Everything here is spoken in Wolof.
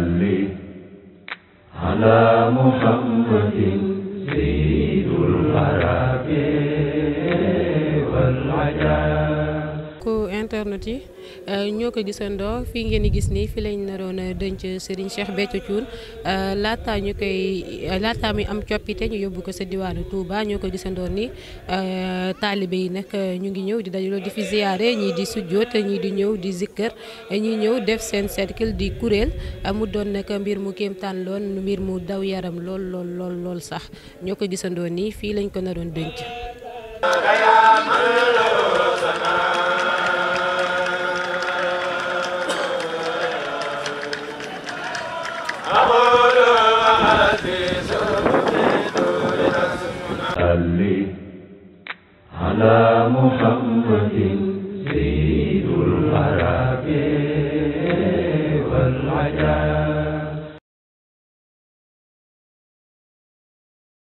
صل على محمد سيد الحرب والعجاب internet yi euh, ñoo ko gisandoo fii ngeen di gis nii fii lañ naroon a dënc Serigne Cheikh Béthio Thioune euh, laataa ñu koy laataa muy am coppite ñu yóbbu ko sa diwaanu Touba ñoo ko gisandoo ni euh, taalibe yi nag ñu ngi ñëw di dajaloo di fi ñii di sujjoot ñii di ñëw di zikkër ñii ñëw def seen cercle di kuréel mu doon nag mbir mu kéemtaan loon mbir mu daw yaram lool lool lool sax ñoo ko gisandoo nii fii lañ ko naroon dënc على محمد سيد العرب والعجاب